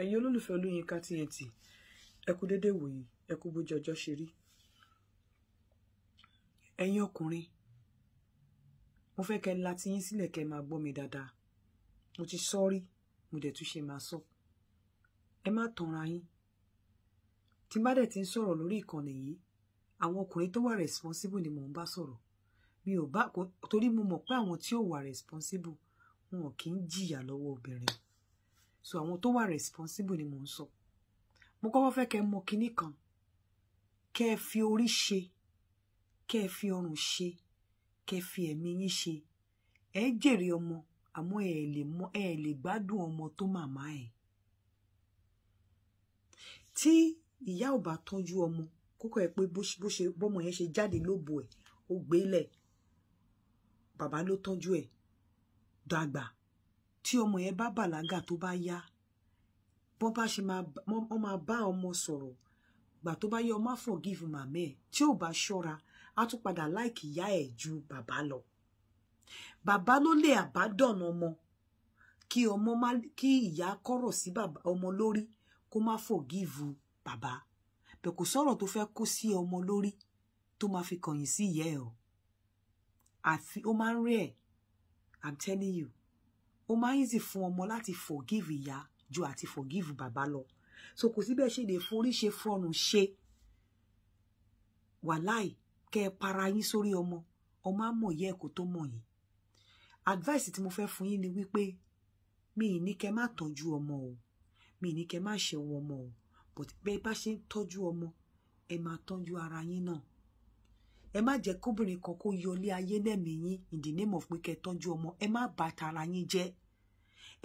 ẹ̀yin olólùfẹ́ olóyinka TNT ẹ kú déédéé wòyí ẹ kú bójú ọjọ́ ṣe rí ẹ̀yin ọkùnrin mo fẹ́ kẹ́ la ti yín sílẹ̀ kẹ́ máa gbọ́ mi dáadáa mo ti sọ rí mo dẹ̀ tún ṣe máa sọ ẹ má tanra yín tí bá dẹ̀ ti ń sọ̀rọ̀ lórí ìkànnì yìí àwọn ọkùnrin tó wà responsible ni mò ń bá sọ̀rọ̀ mi ò bá torí mo mọ̀ pé àwọn tí ò wà responsible wọn kì í jìyà lọ́wọ́ obìnrin so àwọn tó wà responsible ni mò ń sọ mo kọ́kọ́ fẹ́ kẹ́ mọ kinní kan kẹ́ ẹ fi orí ṣe kẹ́ ẹ fi ọrùn ṣe kẹ́ ẹ fi ẹ̀mí yín ṣe ẹ jèrè ọmọ àmọ́ ẹ lè mọ ẹ lè gbádùn ọmọ tó màmá ẹ̀ tí ìyá ò bá tọ́jú ọmọ kókó ẹ pé bó ṣe bọ́mọ yẹn ṣe jáde lóbo ẹ̀ ó gbélẹ̀ bàbá ló tọ́jú ẹ̀ dàgbà tí ọmọ yẹn bá bàlágà tó bá yá wọ́n bá ṣe máa bá ọmọ sọ̀rọ̀ gbà tó bá yẹ ọmọ forgive màmá ẹ̀ tí ò bá ṣọ́ra á tún padà láìkì ìyá ẹ̀ ju bàbá lọ bàbá ló lè àbádọ̀n ọmọ kí ọmọ má kí ìyá kọ̀rọ̀ sí ọmọ lórí kó má forgive bàbá bẹ́ẹ̀ kò sọ̀rọ̀ tó fẹ́ kó sí ọmọ lórí tó máa fi kọ̀yìn sí ìyá ẹ̀ o àfi ó máa ń rí ẹ̀ i'm telling you ó máa ń easy fún ọmọ láti forgive ìyá ju àti forgive bàbá lọ so kò síbẹ̀ ṣe lè forí ṣe fọrùn ṣe wàláì kẹ́ ẹ para yín sórí ọmọ ọmọ á mọ̀ yẹ tó mọ̀ yín advice tí mo fẹ́ fún yín ni wípé mi ì ní kẹ́ má tọ́jú ọmọ o mi ì ní kẹ́ má ṣe wọn ọmọ o but bẹ́ẹ̀ bá ṣe ń tọ́jú ọmọ ẹ máa tọ́jú ara yín náà ẹ má jẹ́ kóbìnrin kan kó yọlé ayé lẹ́mìí yín in the name of pé kẹ́ tọ́jú ọmọ ẹ má bà tara yín jẹ́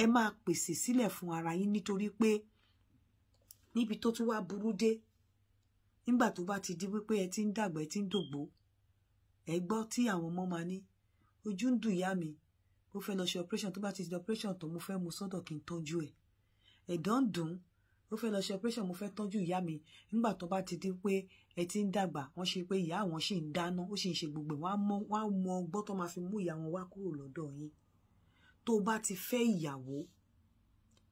ẹ máa pèsè sílẹ̀ fún ara yín nítorí pé níbi tó tún wá burú dé nígbà tó bá ti di wípé ẹ ti ń dàgbà ẹ ti ń dògbò ẹ gbọ́ tí àwọn ọmọ máa ní ojú ń dùn ìyá mi mo fẹ́ lọ ṣe operation tó bá ti di operation tó mo fẹ́ mu sọ́dọ̀ kí n tọ́jú ẹ̀ ẹ̀dọ̀ ń dùn mo fẹ́ lọ ṣe operation mo fẹ́ tọ́jú ìyá mi nígbà tó bá ti di pé ẹ ti ń dàgbà wọ́n ṣe pé ìyá àwọn ṣì ń dáná ó sì ń ṣe gbogbo wọn á mọ ọgbọ́n tó máa fi mú ìyá wọn wá kúrò lọ́dọ̀ yín tó bá ti fẹ́ ìyàwó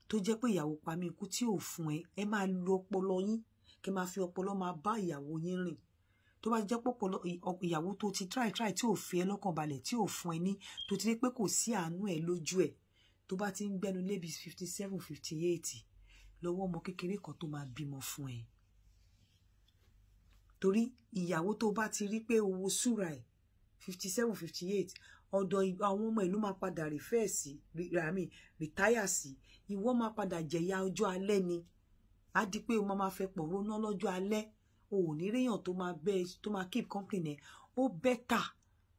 tó jẹ́ pé ìyàwó pa mí ikú tí ò fún ẹ ẹ máa lo ọpọlọ yín kí máa fi ọpọlọ máa bá ìyàwó yín rìn tó bá jẹ́ pọ̀pọ̀lọ ìyàwó tó ti try try tí ò fi ẹ lọ́kàn balẹ̀ tí ò fún ẹ ní tó ti rí pé kò sí àánú ẹ lójú ẹ tó bá ti ń gbẹnu lébi fifty seven fifty eight lọ́wọ́ ọmọ kékeré kan tó máa bímọ fún ẹ torí ìyàwó tó bá ti rí pé owó súra ẹ fifty seven fifty eight ọ̀dọ̀ àwọn ọmọ ìlú máa padà rìfẹ́ sí rami rìtáyà sí ìwọ máa padà jẹ̀yà ọjọ́ alẹ́ ni á di pé o máa máa fẹ́ pọ̀ róná lọ́jọ́ alẹ́ o ò ní réyàn tó máa bẹ́ tó máa keep company ẹ̀ ó bẹ́tà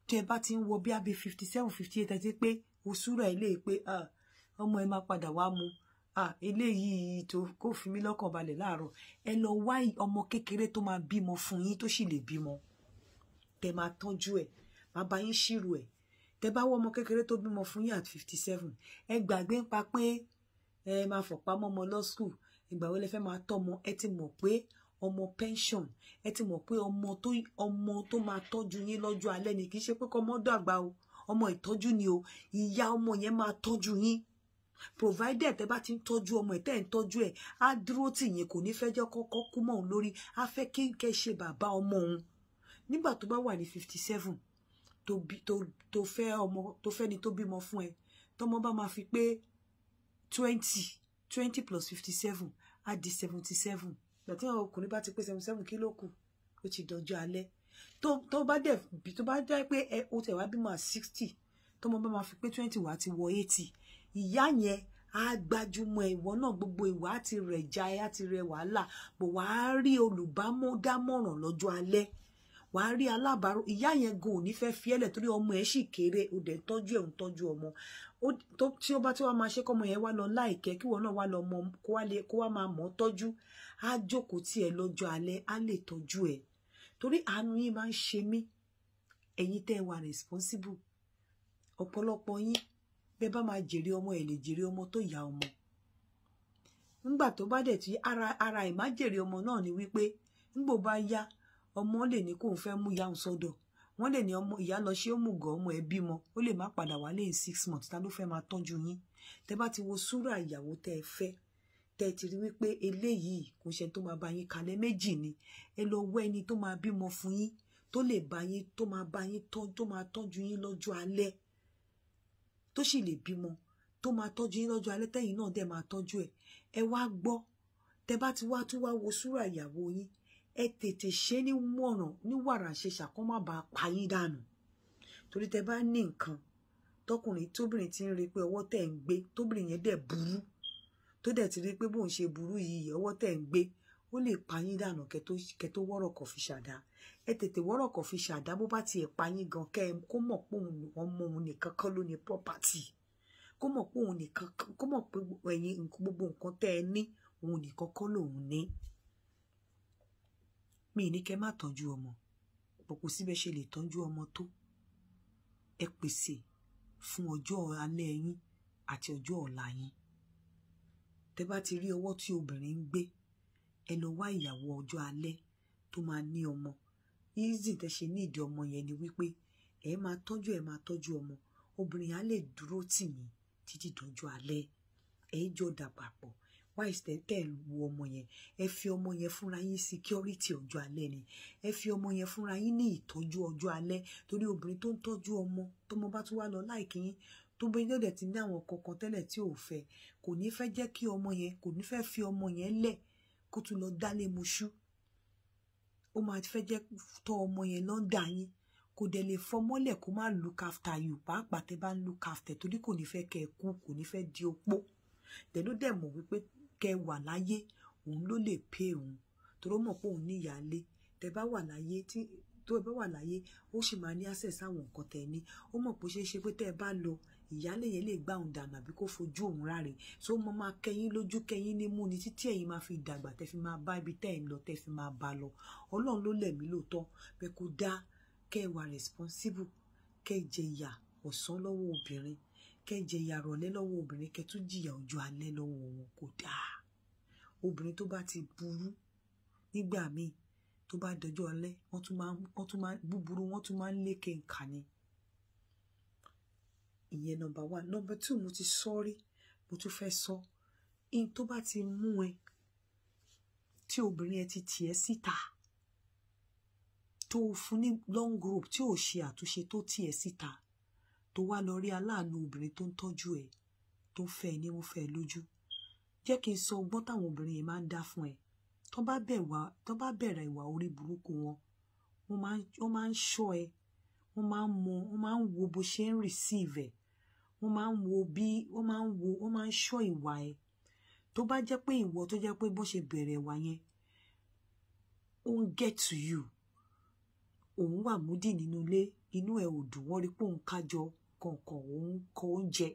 tó ẹ bá ti ń wọ bí abí fifty seven fifty eight àti pé o súrà ilé pé ọmọ ẹ máa padà wá mu eléyìí tó kó fi mí lọ́kàn balẹ̀ láàárọ̀ ẹ lọ wá ọmọ kékeré tó máa bímọ fún yín tó sì lè bímọ tẹ máa tọ́jú ẹ̀ bàbá yín ṣírò ẹ̀ tẹ bá wọ ọmọ kékeré tó bímọ fún yín at fifty seven ẹ gbàgbé ń pa pé ẹ máa fọ̀pá mọ́ ọmọ lọ school ìgbà wo lẹ fẹ́ máa tọ́mọ ẹ ti mọ̀ pé ọmọ pension ẹ ti mọ̀ pé ọmọ tó ọmọ tó máa tọ́jú yín lọ́jọ́ alẹ́ ni kì í ṣe pé kọ́ ọmọ dàgbà o ọmọ ìtọ́jú ni o ìyá ọmọ yẹn máa tọ́jú yín provided tẹ bá ti ń tọ́jú ọmọ ẹ̀ tẹ́ ń tọ́jú ẹ̀ á dúró tì yín kò ní fẹ́ jẹ́ kọ́kọ́ kú mọ́ òun lórí á fẹ́ kí n kẹ́ ṣe bàbá ọmọ òun nígbà tó bá wà ní fifty seven tó bí tó tó fẹ́ ọmọ tó fẹ́ ni tó bímọ fún ẹ tọmọ bá máa fi pé twenty twenty plus fifty seven á di seventy seven gbàtí àwọn ọkùnrin bá ti pé seventy seven kí ló kù ó ti dọjọ́ alẹ́ tó tó bá dẹ̀ bí tó bá dẹ̀ pé ẹ o tẹ̀ wá bímọ at sixty tọmọ bá máa fi pé twenty wá ti wọ eighty ìyá yẹn á gbajúmọ̀ ìwọ náà gbogbo ìwà á ti rẹ̀ já ẹ á ti rẹ̀ wàhálà bò wàá rí olùbámọ̀dámọ̀ràn lọ́jọ́ alẹ́ wà á rí alábàárò ìyá yẹn gan ò ní fẹ́ fi ẹ́lẹ̀ torí ọmọ ẹ̀ sì kéré ó dẹ̀ tọ́jú ẹ̀ ń tọ́jú ọmọ tí ó bá tí wàá máa ṣe kọ́mọ yẹn wá lọ láìkẹ́ kí wọn náà wá lọ mọ kó wá máa mọ̀ ọ́ tọ́jú á jókòó tí ẹ lọ́jọ́ alẹ́ á lè tọ́jú ẹ̀ torí àánú yín máa ń ṣe mí ẹ̀yin tẹ́ ẹ wà responsible ọ̀pọ̀lọpọ̀ yín bẹ́ẹ̀ bá máa jèrè ọmọ ẹ̀ lè jèrè ọmọ tó yá ọmọ ńgbà tó bá dẹ̀ tí ara ara ìmájèrè ọmọ náà ni wípé ńgbò bá yá ọmọ lè ní kóun fẹ́ mú ìyá òun sọ́dọ̀ wọ́n lè ní ọmọ ìyá lọ ṣe ó mú gàn ọmọ ẹ bímọ ó lè má padà wálé in six months ta ló fẹ́ máa tọ́jú yín tẹ bá ti wo súrà ìyàwó tẹ ẹ fẹ́ tẹ ti rí wípé eléyìí kò ṣe tó máa bá yín kalẹ̀ méjì ni ẹ lọ wọ ẹni tó máa bímọ fún yín tó lè bá yín tó máa bá yín tó máa tọ́jú yín lọ́jọ́ alẹ́ tó sì lè bímọ tó máa tọ́jú yín lọ́jọ́ alẹ́ tẹ̀yin náà dẹ̀ máa tọ́jú ẹ̀ ẹ wá gbọ́ tẹ bá ti wá tún wá wo súrà ìyàwó yín ẹ tètè ṣe ní wọ̀ràn ní wàrà ṣẹṣà kó má bàa pa yín dànù torí tẹ bá ní nǹkan tọkùnrin tóbìnrin ti ń rí pé ọwọ́ tẹ̀ ń gbé tóbìnrin yẹn dẹ̀ burú tó dẹ̀ ti rí pé bóun ṣe burú yìí ọwọ́ tẹ̀ ń gbé ó lè pa yín dànù kẹ tó wọ́rọ̀ kọ̀ fi ṣàdá ẹ tètè wọ́rọ̀ kọ̀ fi ṣàdá bó bá tiẹ̀ pa yín gan kẹ́ ẹ kó mọ̀ pé òun ọmọ òun nìkan kan ló ní property kó mọ̀ pé òun nìkan kó mọ̀ pé ẹ̀yin gbogbo nǹkan tẹ́ ẹ ní òun nìkan kan lòun ní mi ní kẹ́ má tọ́jú ọmọ bọ̀ kò síbẹ̀ ṣe lè tọ́jú ọmọ tó ẹ pèsè fún ọjọ́ alẹ́ yín àti ọjọ́ ọ̀la yín tẹ bá ti rí ọwọ́ tí obìnrin ń gbé ẹ lọ wá ìyàwó ọjọ́ alẹ́ tó máa ní ọmọ easy tẹ ṣe ní ìdí ọmọ yẹn ni wípé ẹ máa tọ́jú ẹ máa tọ́jú ọmọ obìnrin á lè dúró tì yín títí dọjọ́ alẹ́ ẹ jọ dàgbà pọ̀ why is ten ten wo ọmọ yẹn ẹ fi ọmọ yẹn fúnra yín security ọjọ́ alẹ́ ni ẹ fi ọmọ yẹn fúnra yín ní ìtọ́jú ọjọ́ alẹ́ torí obìnrin tó ń tọ́jú ọmọ tọmọ bá tún wá lọ láìkí yín tó bẹ lóde ti ní àwọn kankan tẹ́lẹ̀ tí ò fẹ́ kò ní fẹ́ jẹ́ kí ọmọ yẹn kò ní fẹ́ fi ọmọ yẹn lẹ̀ kó tún lọ dálé mu ṣú ó máa fẹ́ jẹ́ tọ́ ọmọ yẹn lọ kò dẹ̀ lè fọmọ́lẹ̀ kó má look after you pàápàá tẹ́ bá ń look after torí kò ní fẹ́ kẹ́ ẹ kú kò ní fẹ́ di opó dẹ̀ ló dẹ̀ mọ̀ wípé kẹ wà láyé òun ló lè pé òun toró mọ̀ pé òun níyàálé tẹ bá wà láyé tí tó ẹ bá wà láyé ó sì máa ní access àwọn nǹkan tẹ ní ó mọ̀ pé ó ṣeé ṣe pé tẹ́ ẹ bá lọ ìyáálé yẹn lè gbá òun dànù àbí kó fojú òun ráre tó mọ máa kẹyìn lójú kẹyìn nímú ni títí ẹ̀yin máa fi dàgbà tẹ́ fi máa bá ibi tẹ́ ẹ̀ ń lọ tẹ́ fi máa bá lọ ọlọ́run ló lẹ̀mí lóòótọ́ bẹ́ẹ̀ kó dá kẹ́ responsible kẹ́ ìyà ọ̀sán lọ́wọ́ obìnrin kẹjẹ ìyàrọ̀lẹ́ lọ́wọ́ obìnrin kẹtún jìyà ọjọ́ alẹ́ lọ́wọ́ wọn kò dáa obìnrin tó bá ti burú nígbà míì tó bá dọjọ́ alẹ́ wọ́n tún máa búburú wọ́n tún máa ń lékè nkà ni ìyẹn nọ́mbà one nọ́mbà two mo ti sọ rí mo tún fẹ́ sọ in tó bá ti mú ẹ tí obìnrin ẹ ti tiẹ̀ síta tó fún ní long group tí ò ṣe àtúnṣe tó tiẹ̀ síta tó wá lọ rí aláàánú obìnrin tó ń tọ́jú ẹ tó fẹ́ ẹ nímú fẹ́ ẹ lójú jẹ́ kí n sọ ọgbọ́n táwọn obìnrin yẹn máa ń dá fún ẹ tó bá bẹ̀rẹ̀ ìwà orí burúkú wọn wọ́n máa ń ṣọ́ ẹ wọ́n máa ń mọ wọ́n máa ń wo bó ṣe ń receive ẹ wọ́n máa ń wo bí wọ́n máa ń wo wọ́n máa ń ṣọ́ ìwà ẹ tó bá jẹ́ pé ìwọ tó jẹ́ pé bó ṣe bẹ̀rẹ̀ ìwà yẹn ó ń get to you òun wà múdì nínú ilé inú ẹ ò dùn wọ́n rí pé òun kájọ kọ̀ọ̀kan òun kọ oúnjẹ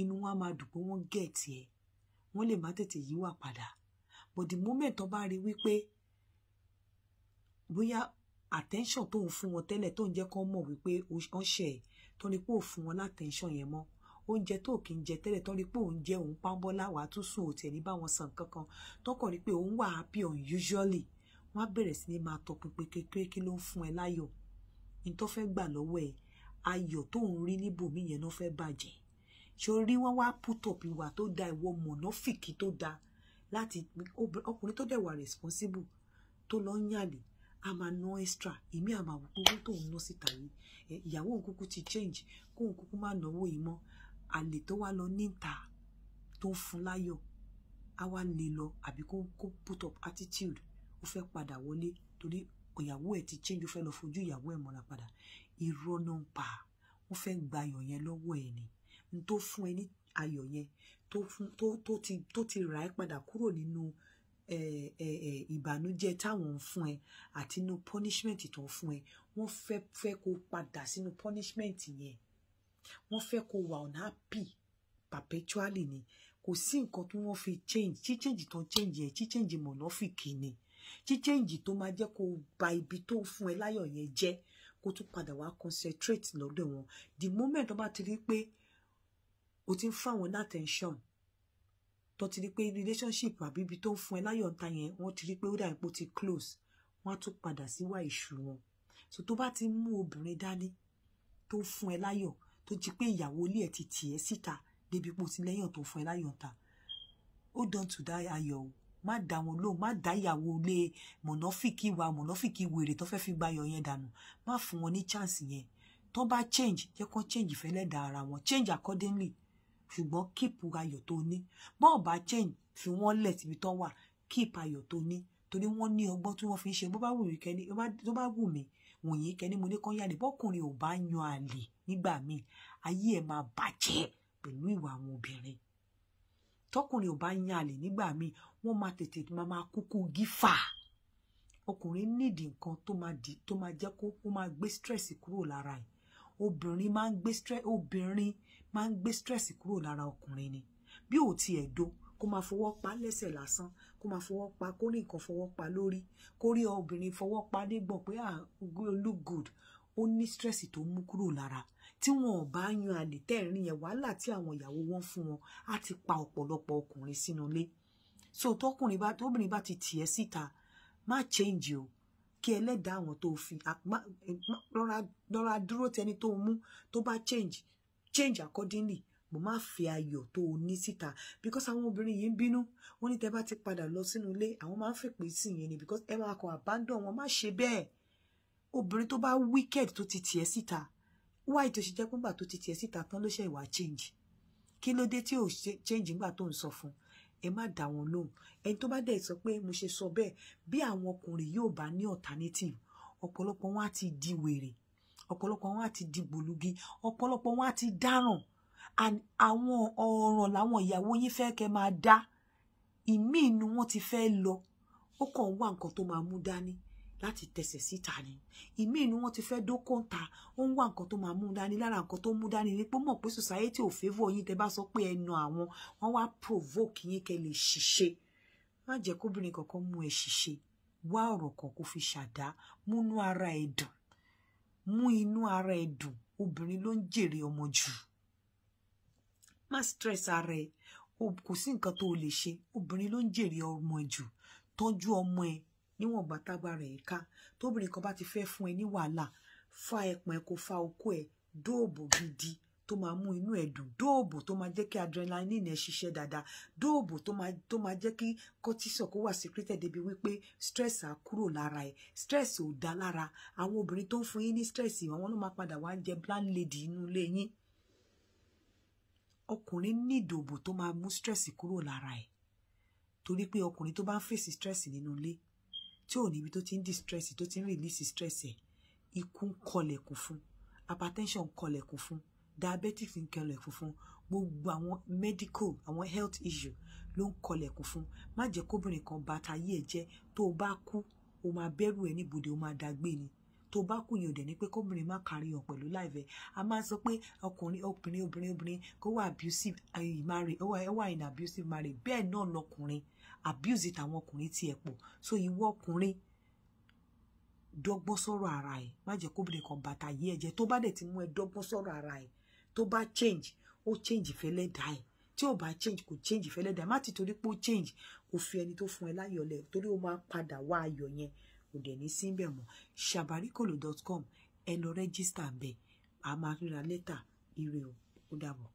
inú wọn á máa dùn pé wọ́n gẹ̀ẹ́tì ẹ̀ wọ́n lè má tètè yíwà padà but the moment tó bá rí wípé bóyá attention tó ń fún wọn tẹ́lẹ̀ tó ń jẹ́ kó mọ̀ wípé wọ́n ṣẹ̀ tó ní pé ò fún wọn látẹ̀ńṣàn yẹn mọ́ oúnjẹ tó kì í jẹ tẹ́lẹ̀ tó ní pé òun jẹ òun pánbọ́lá wàá tún sùn òtì ẹ̀ ní bá wọn sàn kankan tọkàn rí pé òun wà happy unusually wọ́n á bẹ̀rẹ̀ sí ní máa tọpinpin kékeré kí ló ń fún ẹ láyọ̀ ní tó fẹ́ gbà lọ́wọ́ ẹ̀ ayọ̀ tó ń rí níbòmí yẹn náà fẹ́ bàjẹ́ ṣorí wọ́n wá put up ìwà tó da ìwọ mọ̀nàfìkì tó da láti ọkùnrin tó dẹ̀ wà responsible tó lọ ń yàlè a máa ná extra èmi àmà kúkú tó ń ná síta yìí ìyàwó òun kúkú ti change kó òun kúkú má náwó yìí mọ́ àlè tó wá lọ níta tó ń fún láyọ̀ á wá lè lọ àbí kó kó put up attitude ó fẹ́ padà wọlé torí ìyàwó ẹ̀ ti change ó fẹ́ lọ fojú ìyàwó ẹ̀ mọ́ra padà irọ́ ló ń pa wọ́n fẹ́ gba ayọ̀ yẹn lọ́wọ́ ẹ̀ ni n tó fún ẹ ní ayọ̀ yẹn tó fún tó tó ti tó ti rà ẹ́ padà kúrò nínú ìbànújẹ́ táwọn ń fún ẹ àti inú punishment tó ń fún ẹ wọ́n fẹ́ fẹ́ kó padà sínú punishment yẹn wọ́n fẹ́ kó wà ọ̀nà happy perpetually ni kò sí nǹkan tí wọ́n fi change tí change tó change yẹn tí change mọ̀nàfìkì ni tí change tó máa jẹ́ kó bà ibi tó fún ẹ láyọ̀ yẹn jẹ́ kó tún padà wá concentrate lọ́dọ̀ wọn the moment tó bá ti rí pé o ti ń fún àwọn ní attention tó ti rí pé relationship àbí ibi tó ń fún ẹ láyọ̀ ńta yẹn wọ́n ti rí pé ó dà ipò ti close wọ́n á tún padà síwá ìṣù wọn so tó bá ti mú obìnrin dání tó ń fún ẹ láyọ̀ tó jí pé ìyàwó ilé ẹ̀ ti tì ẹ́ síta débi pò ti lẹ́yìn tó fún ẹ láyọ̀ ńta ó dán tù dá ayọ̀ o má dá wọn lóhùn má dá ìyàwó ilé mọ̀nàfíkì wa mọ̀nàfíkì wèrè tó fẹ́ fi gba ayọ̀ yẹn dànù má fún wọn ní chance yẹn tó bá change jẹ́ kó change ìfẹ́lẹ́dà ara wọn change accordingly ṣùgbọ́n keep ayọ̀ tó ní bọ́ọ̀ bá change fi wọ́n lẹ̀ síbi tó wà keep ayọ̀ tó ní torí wọ́n ní ọgbọ́n tí wọ́n fi ń ṣe bó bá wù mí kẹ́ni tó bá wù mí wòyí kẹ́ni mo ní kán yára bọ́kùnrin ò bá yan àlè nígbà míì ayé ẹ̀ máa bàjẹ́ pẹ̀lú ìwà àwọn obìnrin tọkùnrin ò bá yan àlè nígbà míì wọ́n máa tètè máa máa kúkú gífà ọkùnrin nídìí nǹkan tó máa dì tó máa jẹ́ kó ó máa gbé stress kúrò lára ẹ̀ obìnrin máa ń gbé stress obìnrin máa ń gbé stress kúrò lára ọkùnrin ni bí ò tiẹ̀ do kó máa fọwọ́ pa lẹ́sẹ̀ lásán kó máa fọwọ́ pa kó rí nǹkan fọwọ́ pa lórí kó rí obìnrin fọwọ́ pa dégbọ̀n pé ah look good ó ní stress tó mú kúrò lára tí wọn ò bá yan àlè tẹ́ẹ̀rín yẹn wàhálà tí àwọn ìyàwó wọn fún wọn á ti pa ọ̀pọ̀lọpọ̀ ọkùnrin sínú ilé so tọkùnrin bá tóbìnrin bá ti tìẹ síta má change o kí ẹlẹ́dàá àwọn tó fi lọ́ra dúró tẹni tó mú tó bá change change accordingly mo máa fi ayọ̀ tó o ní síta because àwọn obìnrin yìí ń bínú wọn ní tẹ bá ti padà lọ sínú ilé àwọn máa ń fèpè sí yẹn ni because ẹ máa kọ abandon wọn má ṣe bẹ́ẹ̀ obìnrin tó bá wicked tó ti tìẹ síta Why tó ṣe jẹ́ pé ńgbà tó ti tiẹ̀ síta tán ló ṣe ìwà change kí ló dé tí ò change ńgbà tó ń sọ fún ẹ má dá wọn lóhùn ẹni tó bá dẹ̀ sọ pé mo ṣe sọ bẹ́ẹ̀ bí àwọn ọkùnrin yóò bá ní alternative ọ̀pọ̀lọpọ̀ wọn á ti di wèrè ọ̀pọ̀lọpọ̀ wọn á ti di gbòlugi ọ̀pọ̀lọpọ̀ wọn á ti dáràn àwọn ọ̀ràn làwọn ìyàwó yín fẹ́ kẹ́ máa dá ìmíì ni wọ́n ti fẹ́ lọ ó kàn wá nǹkan tó máa mú dání láti tẹsẹ̀ síta ni ìmíì ni wọ́n ti fẹ́ dókó ń ta ó ń wá nǹkan tó máa mú dání lára nǹkan tó mú dání ni pé mọ̀ pé society ò favour yín tẹ bá sọ pé ẹnu àwọn wọ́n wá provoke yín kẹ́ lè ṣiṣẹ́ má jẹ́ kóbìnrin kankan mú ẹ ṣiṣẹ́ wá ọ̀rọ̀ kan kó fi ṣàdá múnú ara ẹ̀ dùn mú inú ara ẹ̀ dùn obìnrin ló ń jèrè ọmọ jù má stress ara ẹ̀ kò sí nǹkan tó o lè ṣe obìnrin ló ń jèrè ọmọ jù tọ́jú ọmọ ẹ̀ níwọ̀n ìgbà tágbára ẹ̀ ká tóbìnrin kan bá ti fẹ́ fún ẹ ní wàhálà fa ẹpọ̀n ẹ kó fa okó ẹ dóòbò gidi tó máa mú inú ẹ dùn dóòbò tó máa jẹ́ kí adrenaline ẹ ṣiṣẹ́ dáadáa dóòbò tó máa jẹ́ kí cortisol kó wà secreted débi wípé stress á kúrò lára ẹ stress ò dá lára àwọn obìnrin tó ń fún yín ní stress àwọn náà máa padà wá jẹ blind lady inú ilé yín ọkùnrin ní ìdòbò tó máa mú stress kúrò lára ẹ torí pé ọkùnrin tó bá ń fèsì stress nínú ilé tí ò níbi tó ti ń distress tó ti ń release stress ẹ̀ ikun ń kọlẹ̀kùn fún hypertension ń kọlẹ̀kùn fún diabetic ń kọlẹ̀kùn fún gbogbo àwọn medical àwọn health issue ló ń kọlẹ̀kùn fún má jẹ́ kóbìnrin kan bá tayé ẹ̀ jẹ́ tó o bá kú o máa bẹ̀rù ẹ̀ níbodè o máa dàgbé ni tó bá kù yàn dẹ̀ ni pé kóbìnrin má kárí hàn pẹ̀lú láìvẹ́ a máa sọ pé ọkùnrin obìnrin obìnrin obìnrin kó wà abusive marriage ó wà in abusive marriage bẹ́ẹ̀ náà lọkùnrin abuse tàwọn ọkùnrin tiẹ̀ pọ̀ so ìwọ ọkùnrin dọ́gbọ́n sọ̀rọ̀ ara ẹ̀ má jẹ́ kóbìnrin kan bàtà yí ẹ̀jẹ̀ tó bá dẹ̀ ti mú ẹ dọ́gbọ́n sọ̀rọ̀ ara ẹ̀ tó bá change ó change fẹ́lẹ́ dá ẹ̀ tí ò bá change kò change fẹ́lẹ́ dá ẹ̀ má ti torí pé ó change kò fi ẹni tó fún ẹ láyọ̀ lẹ̀ torí ó máa padà wá ayọ̀ yẹn kò dẹ̀ ní síbẹ̀ mọ́ sabarikolo dot com ẹ lọ rẹ́gísítà bẹ́ẹ̀ a máa ríra lẹ́tà ire o ó dàbọ̀.